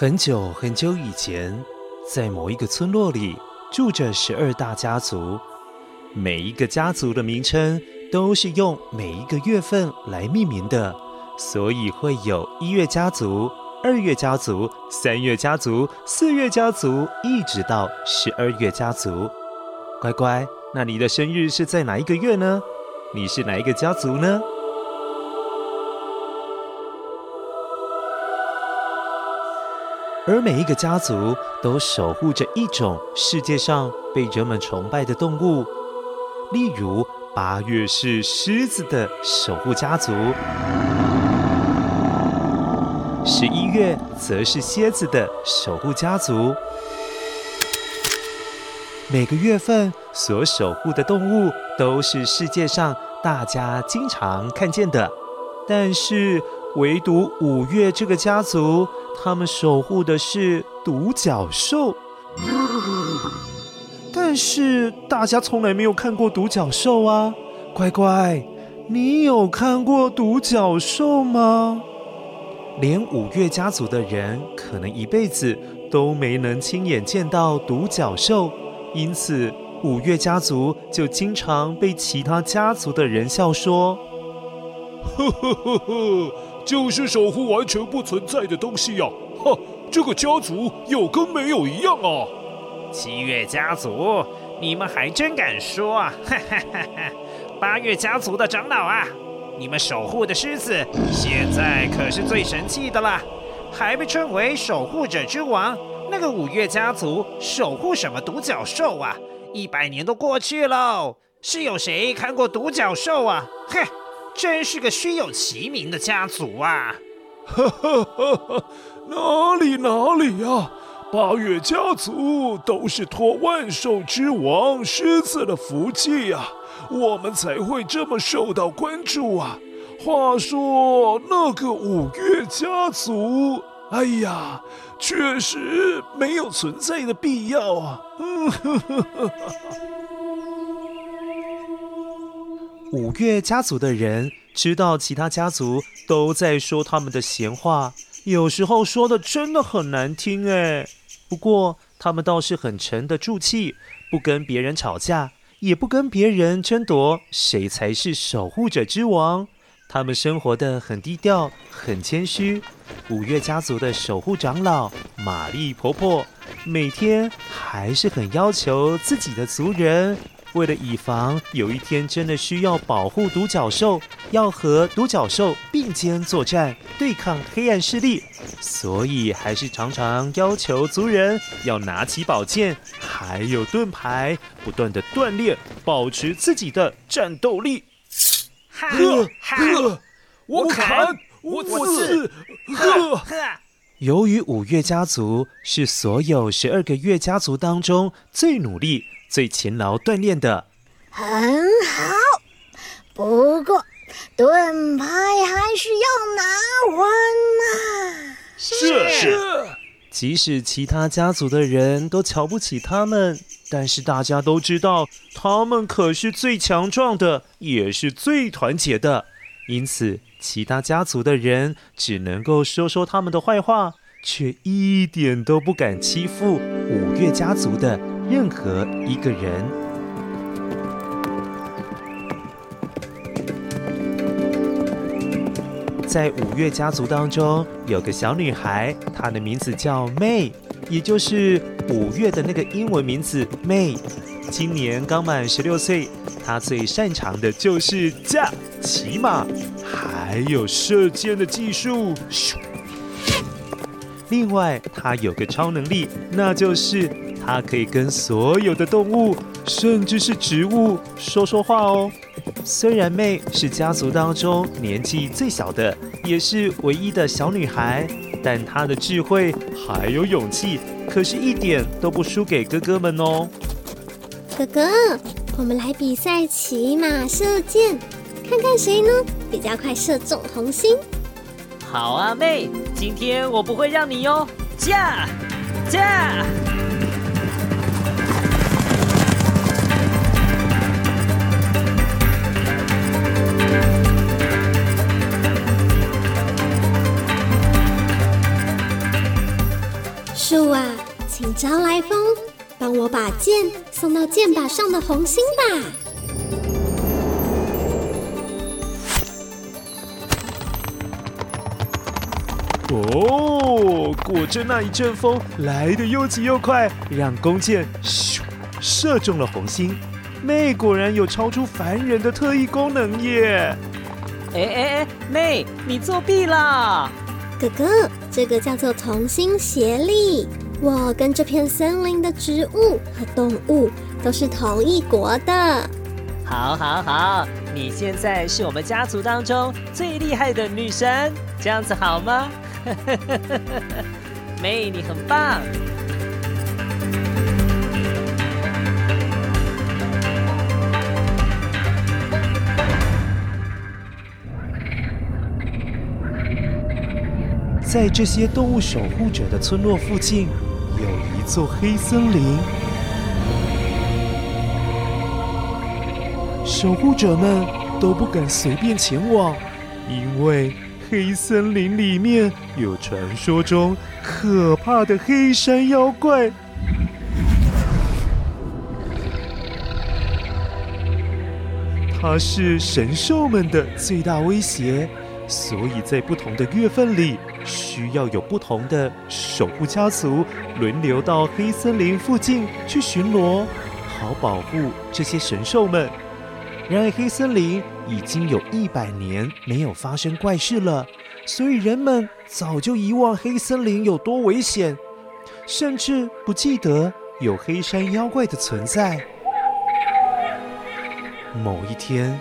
很久很久以前，在某一個村落裡住着十二大家族，每一個家族的名稱都是用每一個月份來命名的，所以會有一月家族、二月家族、三月家族、四月家族，一直到十二月家族。乖乖，那你的生日是在哪一個月呢？你是哪一個家族呢？而每一個家族都守護着一種世界上被人們崇拜的動物，例如八月是獅子的守護家族，十一月則是蠍子的守護家族。每個月份所守護的動物都是世界上大家經常看見的，但是唯獨五月這個家族。他們守護的是獨角獸，但是大家從來沒有看過獨角獸啊！乖乖，你有看過獨角獸嗎？連五岳家族的人可能一輩子都沒能親眼見到獨角獸，因此五岳家族就經常被其他家族的人笑說，呼呼呼呼。就是守護完全不存在的東西呀、啊！哼，這個家族有跟沒有一樣啊！七月家族，你們還真敢說啊！哈哈哈哈，八月家族的長老啊，你們守護的獅子現在可是最神氣的啦，還被稱為守護者之王。那個五月家族守護什麼獨角獸啊？一百年都過去了，是有誰看過獨角獸啊？嘿！真是個虛有其名的家族啊！哈哈哈哈，哪裡哪裡呀？啊，八月家族都是托萬獸之王獅子的福氣啊，我們才會這麼受到關注啊。話說那個五月家族，哎呀，確實沒有存在的必要啊！哈哈哈哈哈。呵呵呵五岳家族的人知道，其他家族都在說他們的閒話，有時候說得真的很難聽哎。不過他們倒是很沉得住氣，不跟別人吵架，也不跟別人爭奪誰才是守護者之王。他們生活得很低調，很謙虛。五岳家族的守護長老瑪麗婆婆，每天還是很要求自己的族人。為了以防有一天真的需要保護獨角獸，要和獨角獸並肩作戰，對抗黑暗勢力，所以還是常常要求族人要拿起寶劍，還有盾牌，不斷的鍛鍊，保持自己的戰鬥力。哈，哈，我砍，我刺，哈，哈。由於五月家族是所有十二個月家族當中最努力。最勤勞鍛鍊的，很好。不過，盾牌還是要拿完嘛啊。是是。是即使其他家族的人都瞧不起他們，但是大家都知道，他們可是最強壯的，也是最團結的。因此，其他家族的人只能夠說說他們的壞話，卻一點都不敢欺負五岳家族的任何一個人，在五月家族當中，有個小女孩，她的名字叫 May，也就是五月的那個英文名字 May。今年剛滿十六歲，她最擅長的就是駕騎馬，還有射箭的技術。另外，她有個超能力，那就是。她可以跟所有的動物，甚至是植物說說話哦。雖然妹是家族當中年紀最小的，也是唯一的小女孩，但她的智慧還有勇氣，可是一點都不輸給哥哥們哦。哥哥，我們來比賽騎馬射箭，看看誰呢比較快射中紅心。好啊，妹，今天我不會讓你喲、哦。駕，駕。招來風，幫我把箭送到箭靶上的紅心吧。哦，果真那一陣風來得又急又快，讓弓箭咻射中了紅心。妹果然有超出凡人的特異功能耶！哎哎哎，妹你作弊啦！哥哥，這個叫做同心協力。我跟這片森林的植物和動物都是同一國的。好，好，好！你現在是我們家族當中最厲害的女神，這樣子好嗎？ 妹，你很棒。在這些動物守護者的村落附近，座黑森林，守護者們都不敢隨便前往，因為黑森林裡面有傳說中可怕的黑山妖怪，它是神獸們的最大威脅。所以，在不同的月份裡，需要有不同的守護家族輪流到黑森林附近去巡邏，好保護這些神獸們。然而，黑森林已經有一百年沒有發生怪事了，所以人們早就遺忘黑森林有多危險，甚至不記得有黑山妖怪的存在。某一天，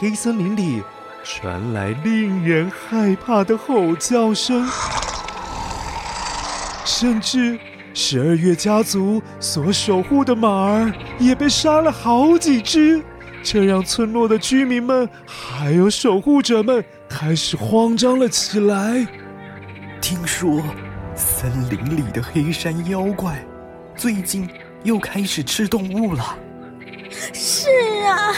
黑森林裡。傳來令人害怕的吼叫聲，甚至十二月家族所守護的馬兒也被殺了好幾隻，這讓村落的居民們還有守護者們開始慌張了起來。聽說，森林裡的黑山妖怪，最近又開始吃動物了。是啊。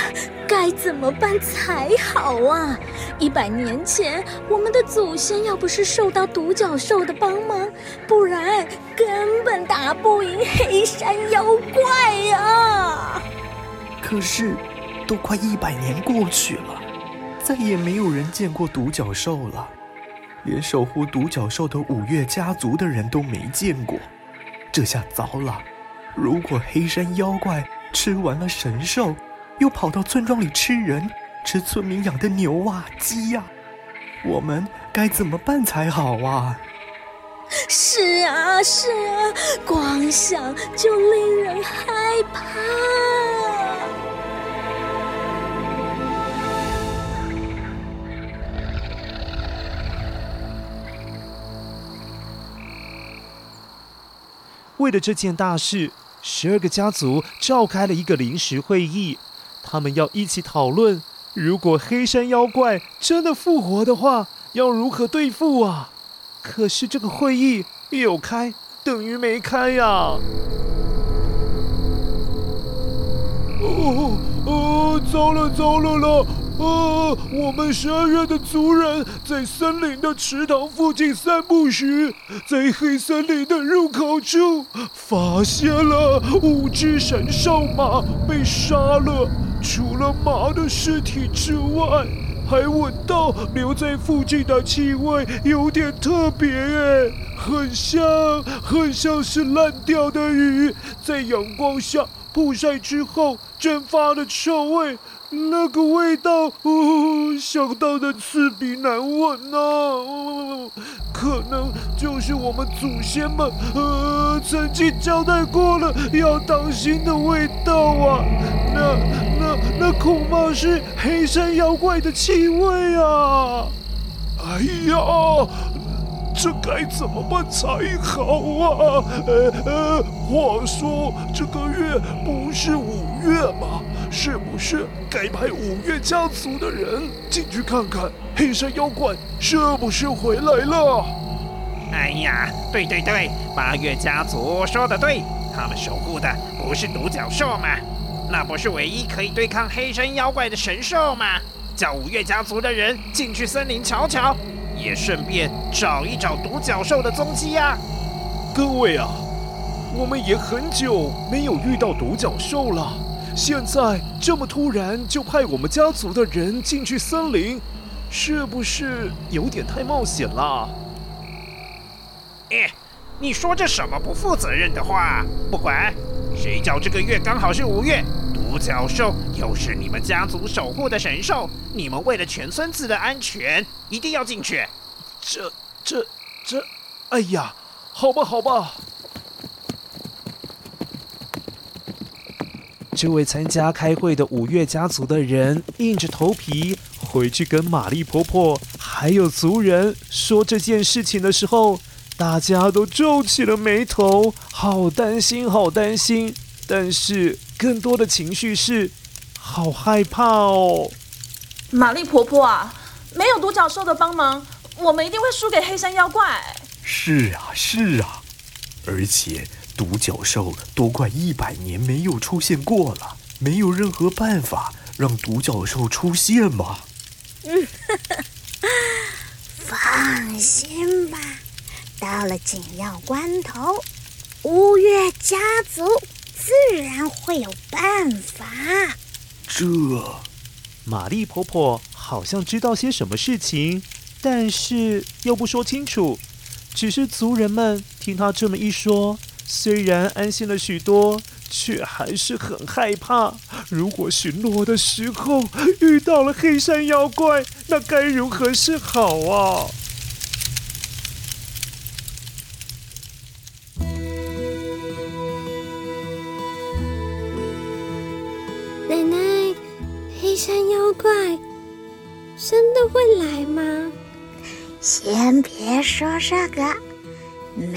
該怎麼辦才好啊！一百年前，我們的祖先要不是受到獨角獸的幫忙，不然根本打不贏黑山妖怪啊！可是，都快一百年過去了，再也沒有人見過獨角獸了，連守護獨角獸的五岳家族的人都沒見過。這下糟了！如果黑山妖怪吃完了神獸，又跑到村莊裡吃人，吃村民養的牛啊、雞呀、啊，我們該怎麼辦才好啊？是啊，是啊，光想就令人害怕。為了這件大事，十二個家族召開了一個臨時會議。他們要一起討論，如果黑山妖怪真的復活的話，要如何對付啊？可是這個會議有開，等於沒開呀！哦哦，糟了糟了了！呃、哦，我們十二月的族人在森林的池塘附近散步時，在黑森林的入口處發現了五只神獸馬被殺了。除了麻的屍體之外，還聞到留在附近的氣味，有點特別誒，很像，很像是爛掉的魚，在陽光下曝曬之後蒸發的臭味，那個味道，哦，相當的刺鼻難聞吶、啊哦，可能就是我們祖先們，呃，曾經交代過了要當心的味道啊，那。恐怕是黑山妖怪的氣味啊！哎呀，這該怎麼辦才好啊？呃、哎、呃、哎，話說這個月不是五月嗎？是不是該派五月家族的人進去看看黑山妖怪是不是回來了？哎呀，對對對，八月家族說得對，他們守護的不是獨角獸嗎？那不是唯一可以對抗黑山妖怪的神獸嗎？叫五嶽家族的人進去森林瞧瞧，也順便找一找獨角獸的蹤跡啊！各位啊，我們也很久沒有遇到獨角獸了，現在這麼突然就派我們家族的人進去森林，是不是有點太冒險了？哎，你說這什麼不負責任的話，不管。誰叫這個月剛好是五月？獨角獸又是你們家族守護的神獸，你們為了全村子的安全，一定要進去。這、這、這……哎呀，好吧，好吧。這位參加開會的五月家族的人，硬着頭皮回去跟瑪麗婆婆還有族人說這件事情的時候。大家都皺起了眉頭，好擔心，好擔心。但是更多的情緒是，好害怕哦。瑪麗婆婆啊，沒有獨角獸的幫忙，我們一定會輸給黑山妖怪。是啊，是啊。而且獨角獸都快一百年沒有出現過了，沒有任何辦法讓獨角獸出現嗎？嗯，呵呵，放心吧。到了緊要關頭，烏月家族自然會有辦法。這，瑪麗婆婆好像知道些什麼事情，但是又不說清楚。只是族人們聽她這麼一說，雖然安心了許多，卻還是很害怕。如果巡邏的時候遇到了黑山妖怪，那該如何是好啊？山妖怪真的會來嗎？先別說這個，妹，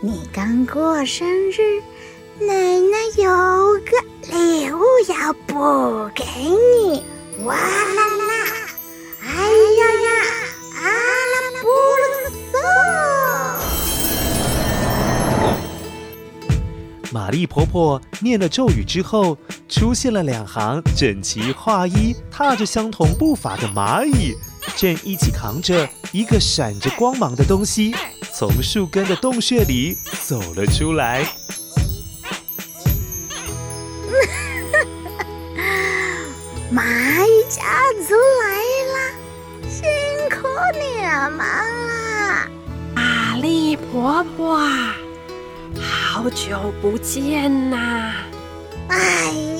你剛過生日，奶奶有個禮物要補給你。哇啦啦！啦，哎呀呀！啦啦啦啦。瑪麗婆婆念了咒語之後，出現了兩行整齊劃一、踏着相同步伐的螞蟻，正一起扛着一個閃着光芒的東西，從樹根的洞穴裡走了出來。 螞蟻家族來了，辛苦你們了，阿麗婆婆，好久不見吶、啊，螞、哎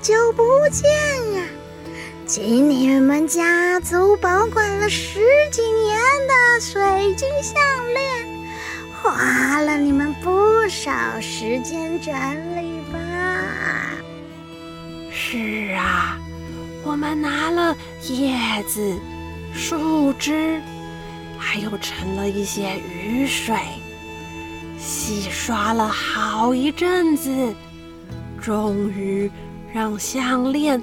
好久不見呀！請你們家族保管了十幾年的水晶項鏈，花了你們不少時間整理吧？是啊，我們拿了葉子、樹枝，還有盛了一些雨水，洗刷了好一陣子，終於。讓項鏈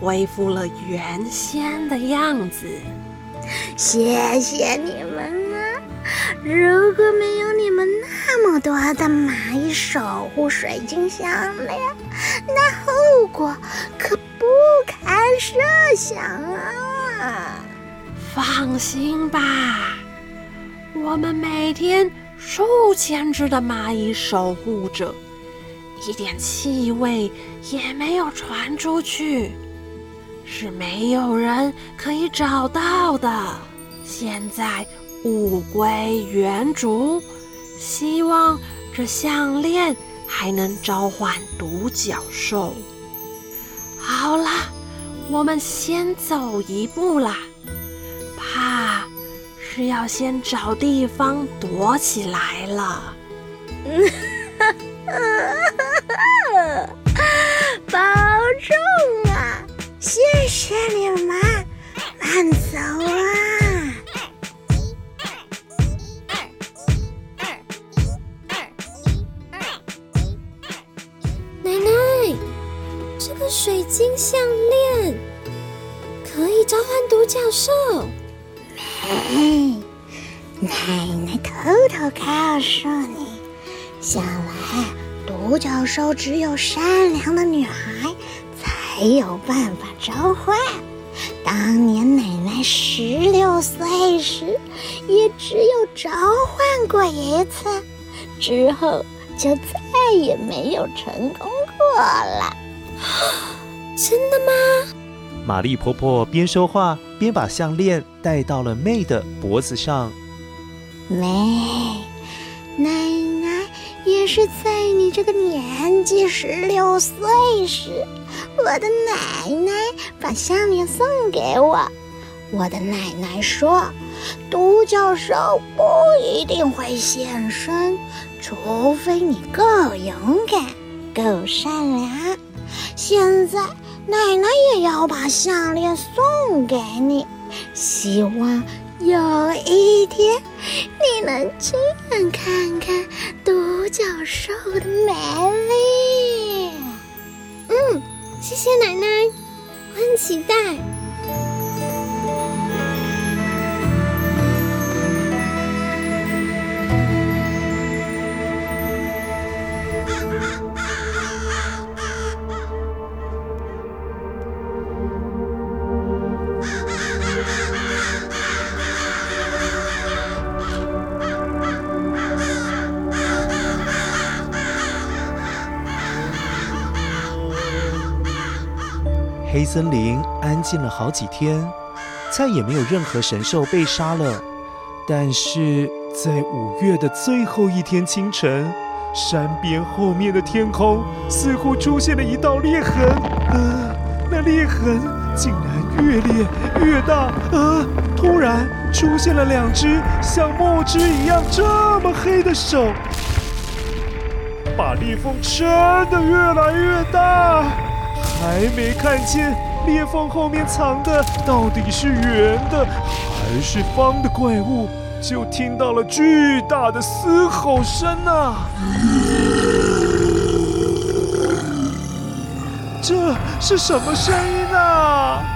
恢復了原先的樣子，謝謝你們啊！如果沒有你們那麼多的螞蟻守護水晶項鏈，那後果可不堪設想啊！放心吧，我們每天數千隻的螞蟻守護着。一點氣味也沒有傳出去，是沒有人可以找到的。現在物歸原主，希望這項鏈還能召喚獨角獸。好了，我們先走一步啦，怕是要先找地方躲起來了。嗯哈。 保重啊！謝謝你們，慢走啊！奶奶，這個水晶項鏈可以召喚獨角獸。哎，奶奶偷偷告訴你，想來。獨角獸只有善良的女孩才有辦法召喚。當年奶奶十六歲時，也只有召喚過一次，之後就再也沒有成功過了。啊，真的嗎？瑪麗婆婆邊說話邊把項鏈戴到了妹的脖子上。妹，奶也是在你這個年紀，十六歲時，我的奶奶把項鏈送給我。我的奶奶說：“獨角獸不一定會現身，除非你夠勇敢、夠善良。”現在，奶奶也要把項鏈送給你，希望有一天。你能親眼看看獨角獸的美麗。嗯，謝謝奶奶，我很期待。黑森林安靜了好幾天，再也沒有任何神獸被殺了。但是在五月的最後一天清晨，山邊後面的天空似乎出現了一道裂痕。呃、啊，那裂痕竟然越裂越大。呃、啊，突然出現了兩隻像墨汁一樣這麼黑的手，把裂縫撐得越來越大。還沒看見裂縫後面藏的到底是圓的還是方的怪物，就聽到了巨大的嘶吼聲吶、啊！這是什麼聲音吶、啊？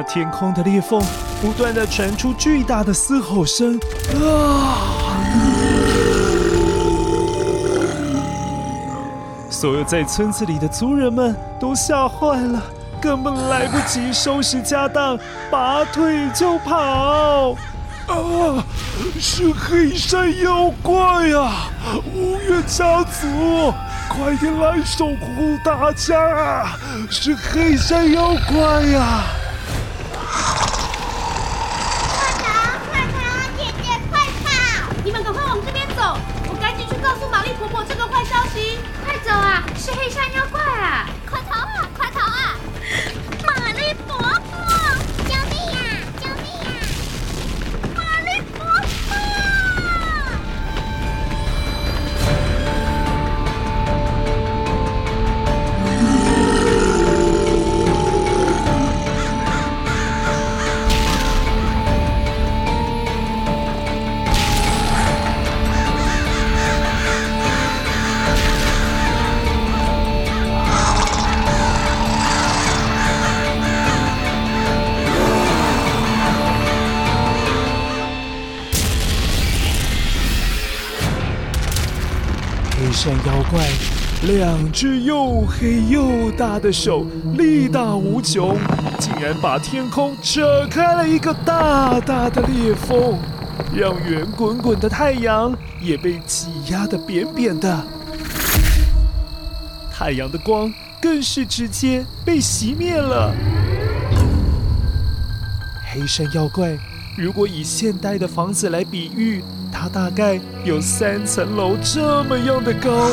那天空的裂縫不斷地傳出巨大的嘶吼聲，啊！所有在村子裡的族人們都嚇壞了，根本來不及收拾家當，拔腿就跑。啊！是黑山妖怪呀！啊！五月家族，快點來守護大家！是黑山妖怪呀！啊！這又黑又大的手力大無窮，竟然把天空扯開了一個大大的裂縫，讓圓滾滾的太陽也被擠壓得扁扁的，太陽的光更是直接被熄滅了。黑山妖怪，如果以現代的房子來比喻，它大概有三層樓這麼樣的高。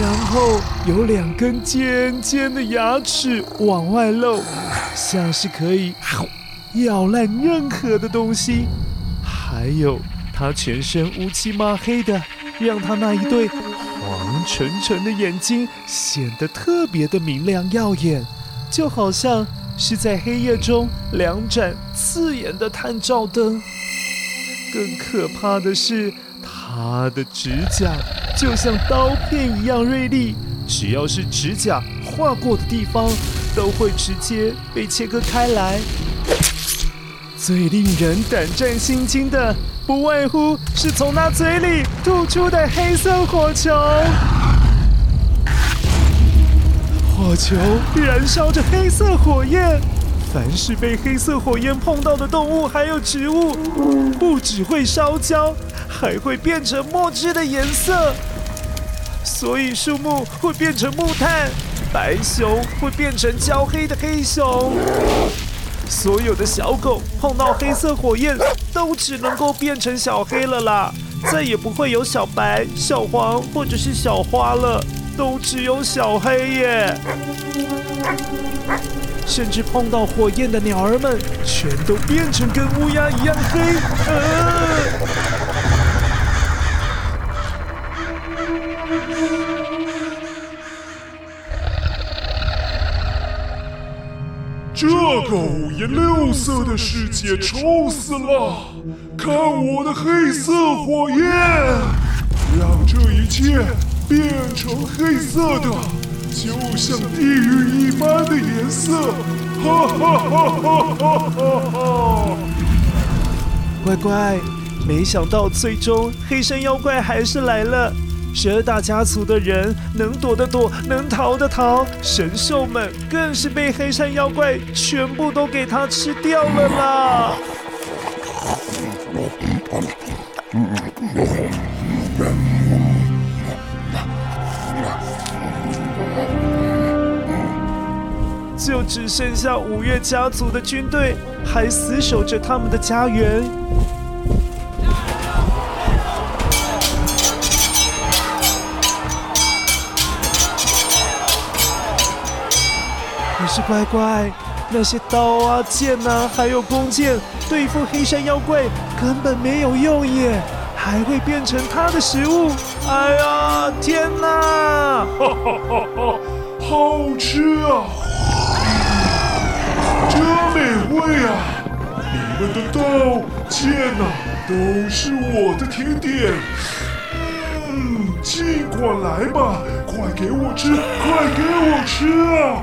然後有兩根尖尖的牙齒往外露，像是可以咬爛任何的東西。還有，它全身烏漆嘛黑的，讓它那一對黃澄澄的眼睛顯得特別的明亮耀眼，就好像是在黑夜中兩盞刺眼的探照燈。更可怕的是，它的指甲。就像刀片一樣銳利，只要是指甲劃過的地方，都會直接被切割開來。最令人膽戰心驚的，不外乎是從它嘴裡吐出的黑色火球。火球燃燒着黑色火焰，凡是被黑色火焰碰到的動物還有植物，不只會燒焦。還會變成墨汁的顏色，所以樹木會變成木炭，白熊會變成焦黑的黑熊。所有的小狗碰到黑色火焰，都只能夠變成小黑了啦，再也不會有小白、小黃或者是小花了，都只有小黑耶。甚至碰到火焰的鳥兒們，全都變成跟烏鴉一樣黑，呃。這個五顏六色的世界臭死了！看我的黑色火焰，讓這一切變成黑色的，就像地獄一般的顏色！哈哈哈哈哈哈！乖乖，沒想到最終黑山妖怪還是來了。十二大家族的人能躲的躲，能逃的逃，神獸們更是被黑山妖怪全部都給他吃掉了啦！就只剩下五嶽家族的軍隊還死守着他們的家園。是乖乖，那些刀啊、劍啊，還有弓箭，對付黑山妖怪根本沒有用耶，還會變成他的食物。哎呀，天哪！哈哈哈哈哈，好吃啊，嗯、真美味啊！你們的刀、劍啊，都是我的甜點。嗯，盡管來吧，快給我吃，快給我吃啊！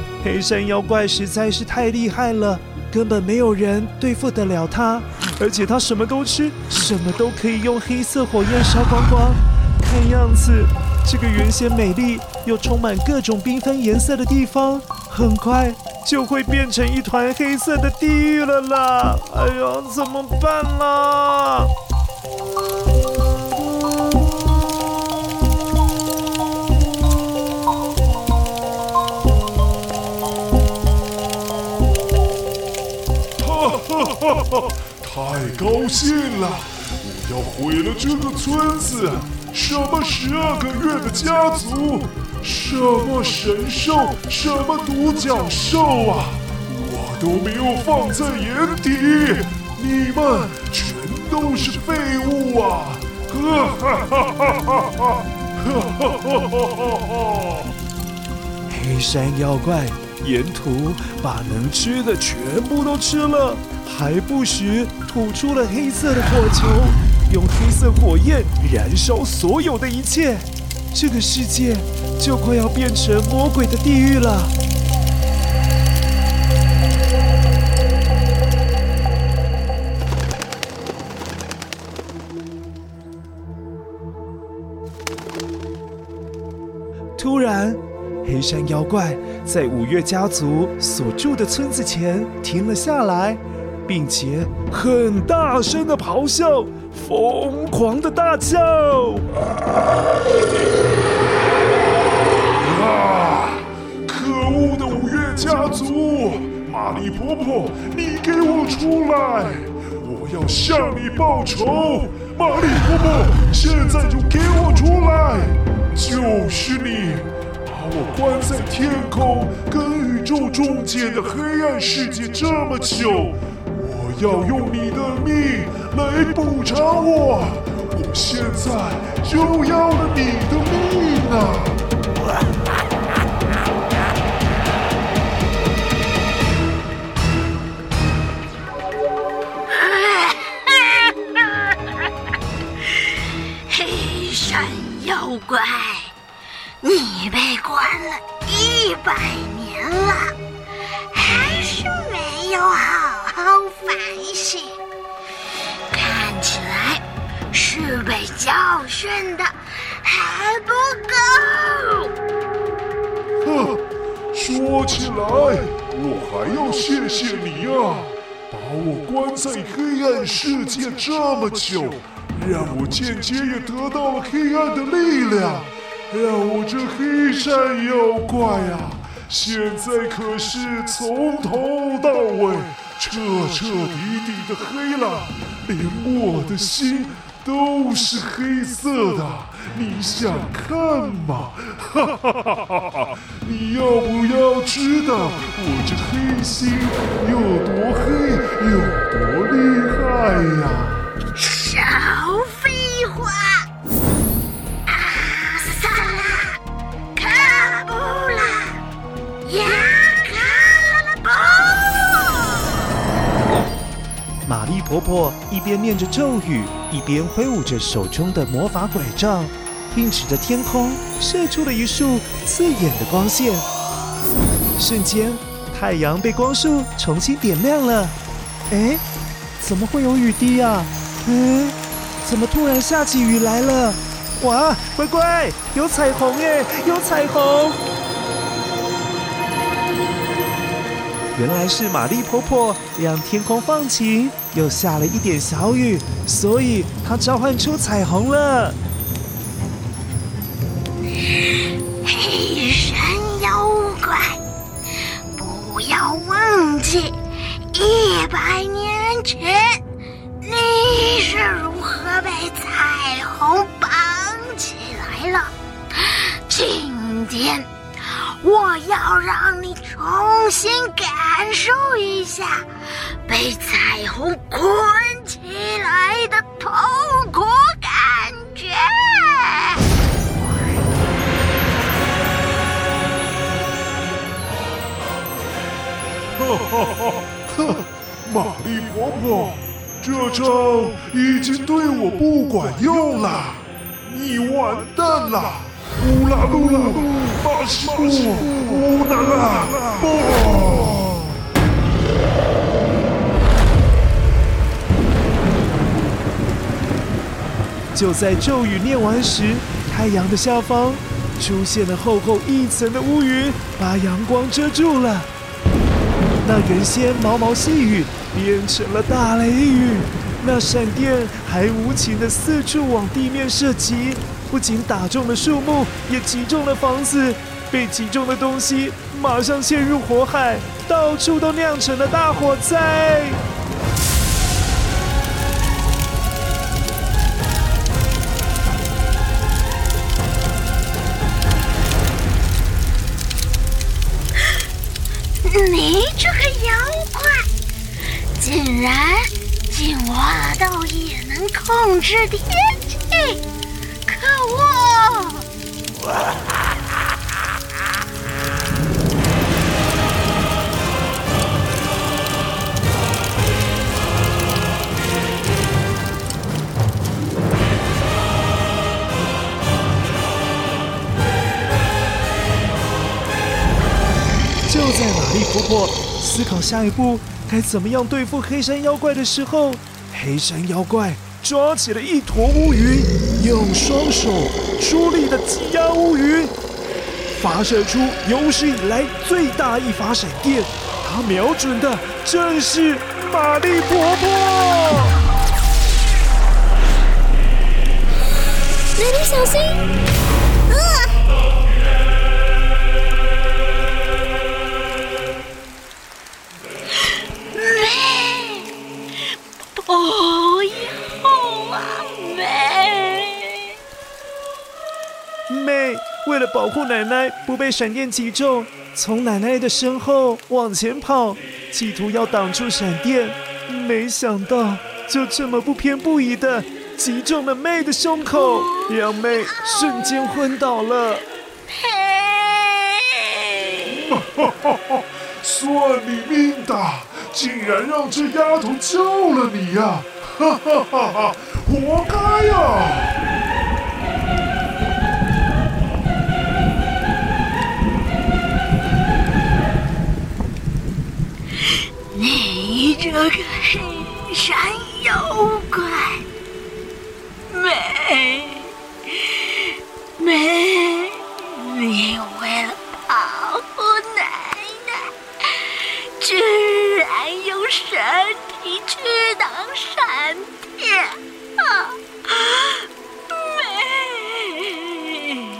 黑山妖怪實在是太厲害了，根本沒有人對付得了他。而且他什麼都吃，什麼都可以用黑色火焰燒光光。看樣子，這個原先美麗又充滿各種繽紛顏色的地方，很快就會變成一團黑色的地獄了啦！哎呦，怎麼辦啦？太高興了！我要毀了這個村子！什麼十二個月的家族，什麼神獸，什麼獨角獸啊，我都沒有放在眼底，你們全都是廢物啊！哈，哈哈哈哈哈，哈哈哈哈哈哈！黑山妖怪。沿途把能吃的全部都吃了，還不時吐出了黑色的火球，用黑色火焰燃燒所有的一切，這個世界就快要變成魔鬼的地獄了。突然。黑山妖怪在五月家族所住的村子前停了下來，並且很大聲的咆哮，瘋狂的大叫：“啊！可惡的五月家族！瑪麗婆婆，你給我出來！我要向你報仇！瑪麗婆婆，現在就給我出來！就是你！”我關在天空，跟宇宙中間的黑暗世界這麼久，我要用你的命來補償我，我現在就要了你的命啊！黑山妖怪。你被關了一百年了，還是沒有好好反省，看起來是被教訓的還不夠。哼，說起來，我還要謝謝你啊，把我關在黑暗世界這麼久，讓我間接也得到了黑暗的力量。哎呀，我這黑山妖怪呀、啊，現在可是從頭到尾徹徹底底的黑了，連我的心都是黑色的。你想看嗎？哈哈哈哈哈，你要不要知道我這黑心有多黑，有多厲害呀、啊？婆婆一邊念着咒語，一邊揮舞着手中的魔法拐杖，並指着天空射出了一束刺眼的光線。瞬間，太陽被光束重新點亮了。哎，怎麼會有雨滴呀、啊？嗯，怎麼突然下起雨來了？哇，乖乖，有彩虹哎，有彩虹！原來是瑪麗婆婆讓天空放晴，又下了一點小雨，所以她召喚出彩虹了。黑山妖怪，不要忘記一百年前你是如何被彩虹綁起來了。今天我要讓你。重新感受一下被彩虹捆起來的痛苦感覺！哈哈哈！哼，瑪麗婆婆，這招已經對我不管用了，你完蛋了！烏拉烏拉烏拉！就在咒語念完時，太陽的下方出現了厚厚一層的烏雲，把陽光遮住了。那原先毛毛細雨變成了大雷雨，那閃電還無情地四處往地面射擊。不僅打中了樹木，也擊中了房子。被擊中的東西馬上陷入火海，到處都釀成了大火災。啊，你這個妖怪，竟然進化到也能控制天氣！就在瑪麗婆婆思考下一步該怎麼樣對付黑山妖怪的時候，黑山妖怪。抓起了一坨烏雲，用雙手出力的擠壓烏雲，發射出有史以來最大一發閃電。他瞄準的正是瑪麗婆婆。奶奶小心！啊！為了保護奶奶不被閃電擊中，從奶奶的身後往前跑，企圖要擋住閃電，沒想到就這麼不偏不倚地擊中了妹的胸口，讓妹瞬間昏倒了。嘿、哎，算你命大，竟然讓這丫頭救了你呀！哈哈哈，活該呀、啊！我個黑山妖怪，美美，你為了保護奶奶，居然用身體去當閃電啊！美，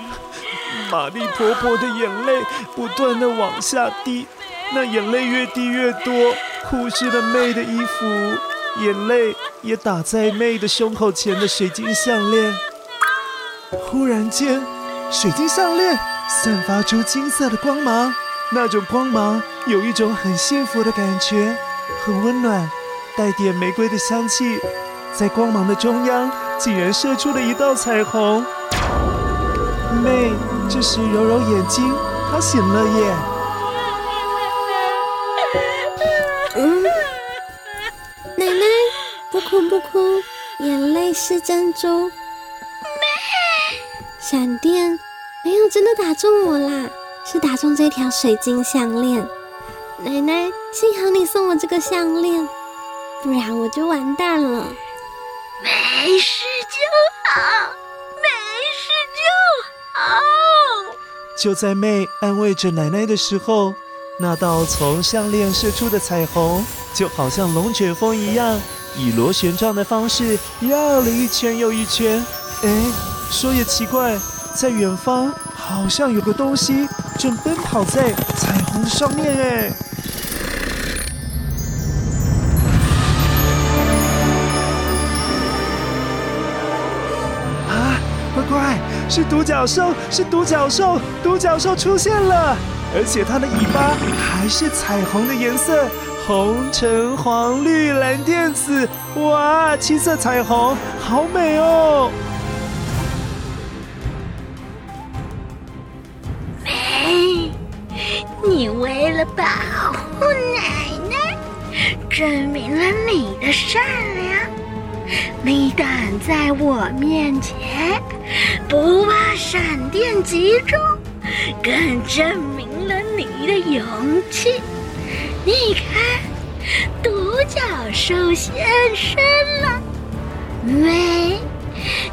瑪麗婆婆的眼淚不斷的往下滴。那眼淚越滴越多，哭濕了妹的衣服，眼淚也打在妹的胸口前的水晶項鏈。 忽然間，水晶項鏈散發出金色的光芒，那種光芒有一種很幸福的感覺，很溫暖，帶點玫瑰的香氣。在光芒的中央，竟然射出了一道彩虹。妹、嗯、這時揉揉眼睛，她醒了耶。不哭不哭，眼淚是珍珠。妹美，閃電沒有真的打中我啦，是打中這條水晶項鏈。奶奶，幸好你送我這個項鏈，不然我就完蛋了。沒事就好，沒事就好。就在妹安慰着奶奶的時候，那道從項鏈射出的彩虹，就好像龍捲風一樣。以螺旋狀的方式繞了一圈又一圈。哎，說也奇怪，在遠方好像有個東西正奔跑在彩虹上面。哎！啊，乖乖，是獨角獸，是獨角獸，獨角獸出現了，而且它的尾巴還是彩虹的顏色。紅橙黃綠藍靛紫，哇，七色彩虹，好美哦！美，你為了保護奶奶，證明了你的善良。你敢在我面前，不怕閃電擊中，更證明了你的勇氣。你看，獨角獸現身了！喂，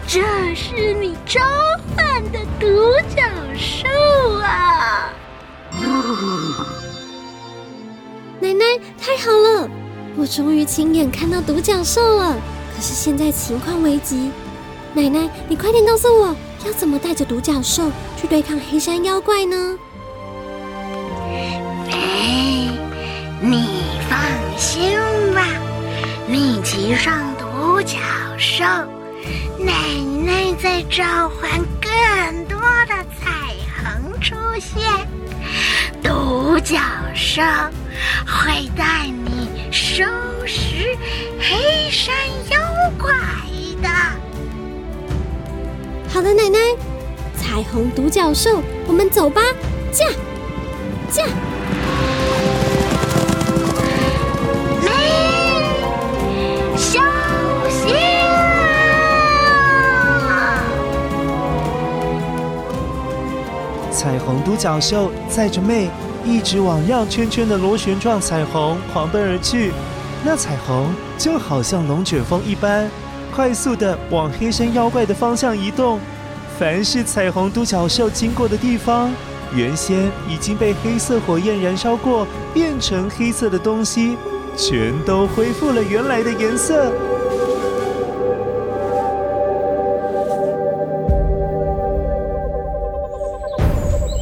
這是你召喚的獨角獸啊！ 奶奶，太好了，我終於親眼看到獨角獸了！可是現在情況危急，奶奶，你快點告訴我要怎麼帶着獨角獸去對抗黑山妖怪呢？行吧，你騎上獨角獸！奶奶在召喚更多的彩虹出現，獨角獸會帶你收拾黑山妖怪的。好的，奶奶，彩虹獨角獸，我們走吧，駕，駕。彩虹獨角獸載着妹，一直往繞圈圈的螺旋狀彩虹狂奔而去。那彩虹就好像龍捲風一般，快速地往黑山妖怪的方向移動。凡是彩虹獨角獸經過的地方，原先已經被黑色火焰燃燒過、變成黑色的東西，全都恢復了原來的顏色。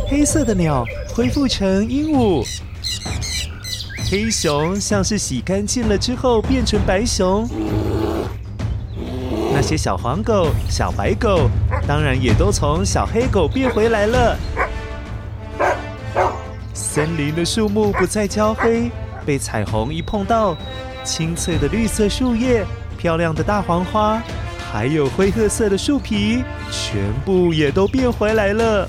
黑色的鳥恢復成鸚鵡，黑熊像是洗乾淨了之後變成白熊，那些小黃狗、小白狗，當然也都從小黑狗變回來了。森林的樹木不再焦黑，被彩虹一碰到，青翠的綠色樹葉、漂亮的大黃花，還有灰褐色的樹皮，全部也都變回來了。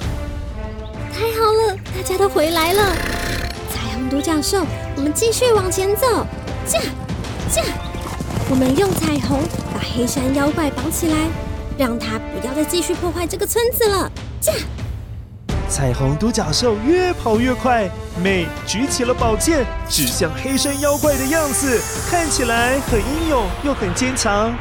他回來了，彩虹獨角獸，我們繼續往前走。駕駕，我們用彩虹把黑山妖怪綁起來，讓他不要再繼續破壞這個村子了。駕，彩虹獨角獸越跑越快，妹舉起了寶劍，指向黑山妖怪的樣子，看起來很英勇又很堅強。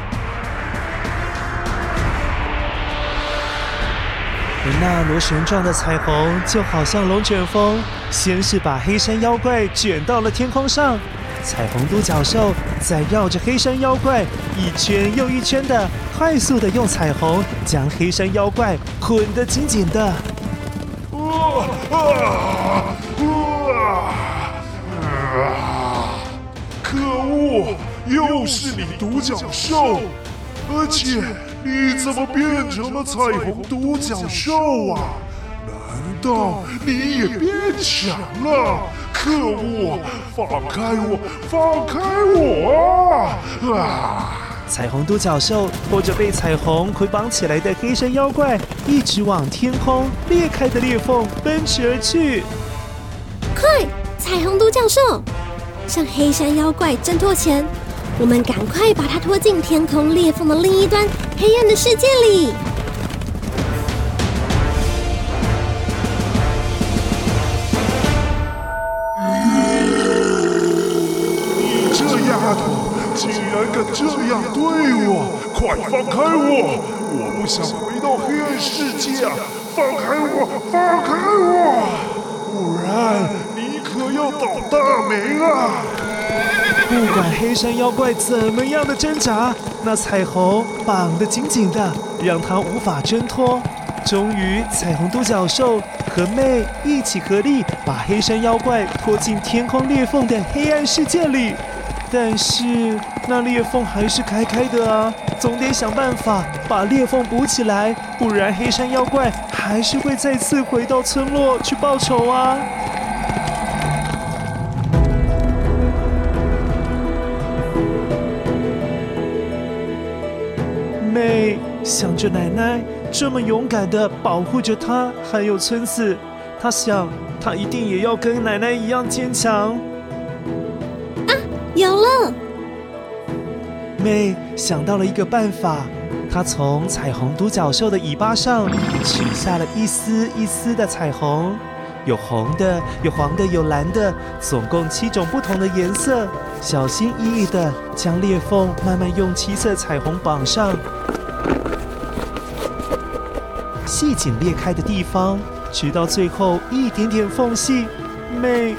那螺旋狀的彩虹就好像龍捲風，先是把黑山妖怪捲到了天空上，彩虹獨角獸再繞着黑山妖怪一圈又一圈的，快速的用彩虹將黑山妖怪捆得緊緊的。啊啊啊！可惡，又是你獨角獸，而且。你怎麼變成了彩虹獨角獸啊？難道你也變強了？可惡！放開我！放開我啊！啊！彩虹獨角獸拖着被彩虹捆綁起來的黑山妖怪，一直往天空裂開的裂縫奔馳而去。快，彩虹獨角獸，向黑山妖怪掙脫前。我們趕快把它拖進天空裂縫的另一端，黑暗的世界裡。你這丫頭，竟然敢這樣對我！快放開我！我不想回到黑暗世界啊！放開我！放開我！不然你可要倒大霉了啊！不管黑山妖怪怎麼樣的掙扎，那彩虹綁得緊緊的，讓他無法掙脫。終於，彩虹獨角獸和妹一起合力，把黑山妖怪拖進天空裂縫的黑暗世界裡。但是，那裂縫還是開開的啊，總得想辦法把裂縫補起來，不然黑山妖怪還是會再次回到村落去報仇啊。想着奶奶這麼勇敢地保護着她，還有村子，她想，她一定也要跟奶奶一樣堅強。啊，有了！妹想到了一個辦法，她從彩虹獨角獸的尾巴上取下了一絲一絲的彩虹，有紅的，有黃的，有藍的，總共七種不同的顏色，小心翼翼地將裂縫慢慢用七色彩虹綁上。繫緊裂開的地方，直到最後一點點縫隙，妹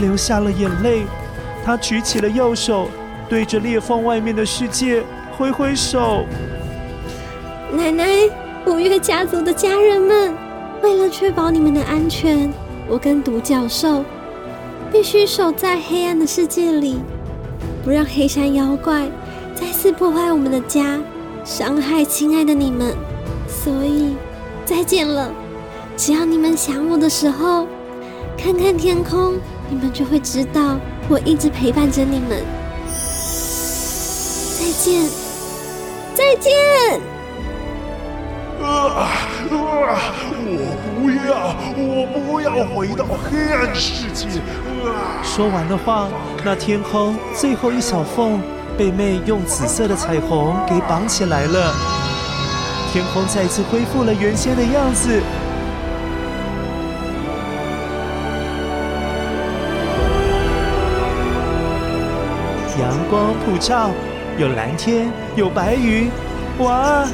流下了眼淚。她舉起了右手，對着裂縫外面的世界揮揮手。奶奶，五月家族的家人們，為了確保你們的安全，我跟獨角獸必須守在黑暗的世界裡，不讓黑山妖怪再次破壞我們的家，傷害親愛的你們。所以。再見了，只要你們想我的時候，看看天空，你們就會知道我一直陪伴着你們。再見，再見。啊，啊！我不要，我不要回到黑暗世界。啊，說完的話，那天空最後一小縫被妹用紫色的彩虹給綁起來了。天空再次恢復了原先的樣子，陽光普照，有藍天，有白雲，哇，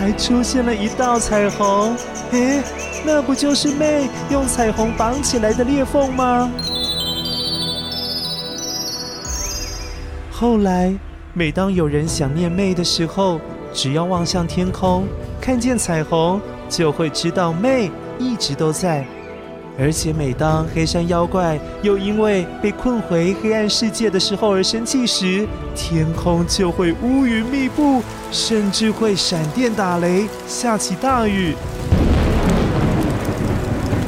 還出現了一道彩虹。誒，那不就是妹用彩虹綁起來的裂縫嗎？後來，每當有人想念妹的時候，只要望向天空，看見彩虹，就會知道妹一直都在。而且每當黑山妖怪又因為被困回黑暗世界的時候而生氣時，天空就會烏雲密佈，甚至會閃電打雷，下起大雨。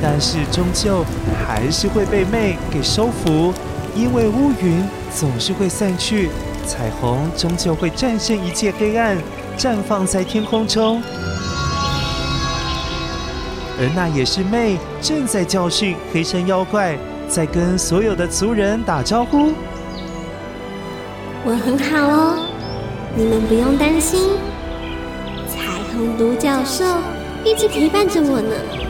但是終究還是會被妹給收服，因為烏雲總是會散去，彩虹終究會戰勝一切黑暗。綻放在天空中，而那也是妹正在教訓黑山妖怪，在跟所有的族人打招呼。我很好哦，你們不用擔心，彩虹獨角獸一直陪伴着我呢。